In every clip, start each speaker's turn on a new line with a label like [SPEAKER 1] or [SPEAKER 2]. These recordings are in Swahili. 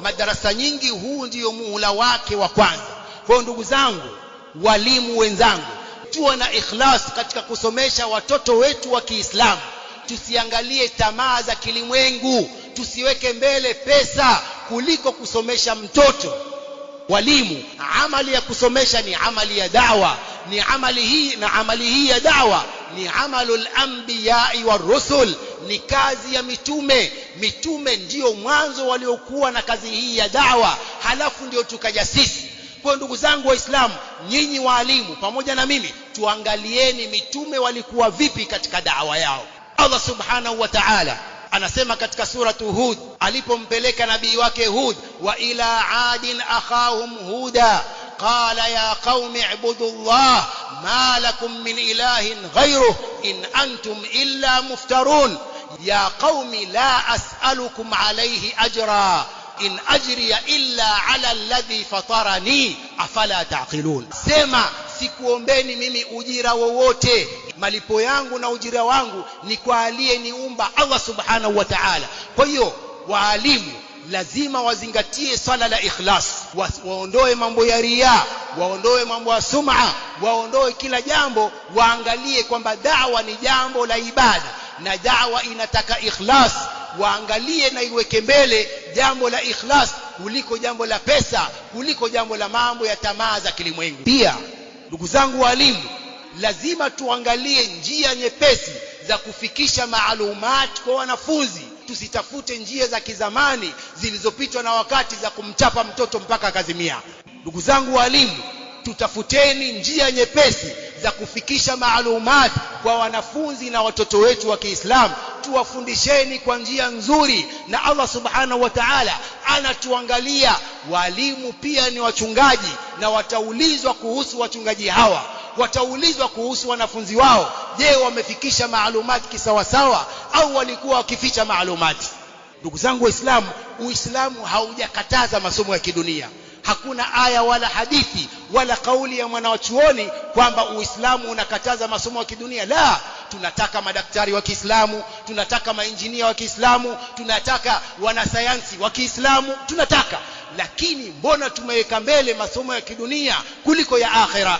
[SPEAKER 1] Madarasa nyingi huu ndio muhula wake wa kwanza. Kwa hiyo ndugu zangu, walimu wenzangu, tuwa na ikhlas katika kusomesha watoto wetu wa Kiislamu. Tusiangalie tamaa za kilimwengu, tusiweke mbele pesa kuliko kusomesha mtoto. Walimu, amali ya kusomesha ni amali ya dawa, ni amali hii na amali hii ya dawa ni amalul lambiyai wa rusul ni kazi ya mitume mitume ndiyo mwanzo waliokuwa na kazi hii ya dawa halafu ndio tukaja sisi kwa ndugu zangu waislamu nyinyi waalimu pamoja na mimi tuangalieni mitume walikuwa vipi katika dawa yao allah subhanahu wa ta'ala anasema katika suratu hud alipompeleka nabii wake hud wa ila adin akhahum huda قال يا قوم اعبدوا الله ما لكم من إله غيره إن أنتم إلا مفترون يا قوم لا أسألكم عليه أجرا إن أجري إلا على الذي فطرني أفلا تعقلون سما sikuombeni mimi ujira wowote malipo yangu na ujira wangu ni kwa aliyeniumba Allah subhanahu wa ta'ala kwa hiyo waalimu lazima wazingatie swala la ikhlas wa, waondoe mambo ya ria waondoe mambo ya sum'a waondoe kila jambo waangalie kwamba dawa ni jambo la ibada na dawa inataka ikhlas waangalie na iweke mbele jambo la ikhlas kuliko jambo la pesa kuliko jambo la mambo ya tamaa za kilimwengu pia ndugu zangu walimu lazima tuangalie njia nyepesi za kufikisha maalumat kwa wanafunzi tusitafute njia za kizamani zilizopitwa na wakati za kumchapa mtoto mpaka akazimia. Ndugu zangu walimu, tutafuteni njia nyepesi za kufikisha maalumati kwa wanafunzi na watoto wetu wa Kiislamu. Tuwafundisheni kwa njia nzuri, na Allah subhanahu wa ta'ala anatuangalia. Walimu pia ni wachungaji, na wataulizwa kuhusu wachungaji hawa wataulizwa kuhusu wanafunzi wao je wamefikisha maalumati kisawasawa au walikuwa wakificha maalumati ndugu zangu waislamu uislamu haujakataza masomo ya kidunia hakuna aya wala hadithi wala kauli ya mwanawachuoni kwamba uislamu unakataza masomo ya kidunia la tunataka madaktari wa Kiislamu tunataka mainjinia wa Kiislamu tunataka wanasayansi wa Kiislamu tunataka lakini mbona tumeweka mbele masomo ya kidunia kuliko ya akhera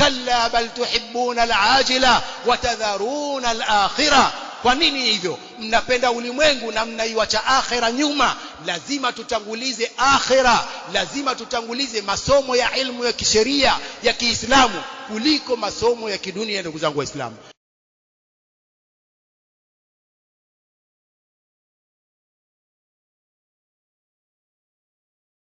[SPEAKER 1] كلا bal تحبون alajila watadharuna alakhira kwa nini hivyo mnapenda ulimwengu na mnaiwacha akhira nyuma lazima tutangulize akhira lazima tutangulize masomo ya ilmu ya kisheria ya Kiislamu kuliko masomo ya kidunia ndugu zangu waislamu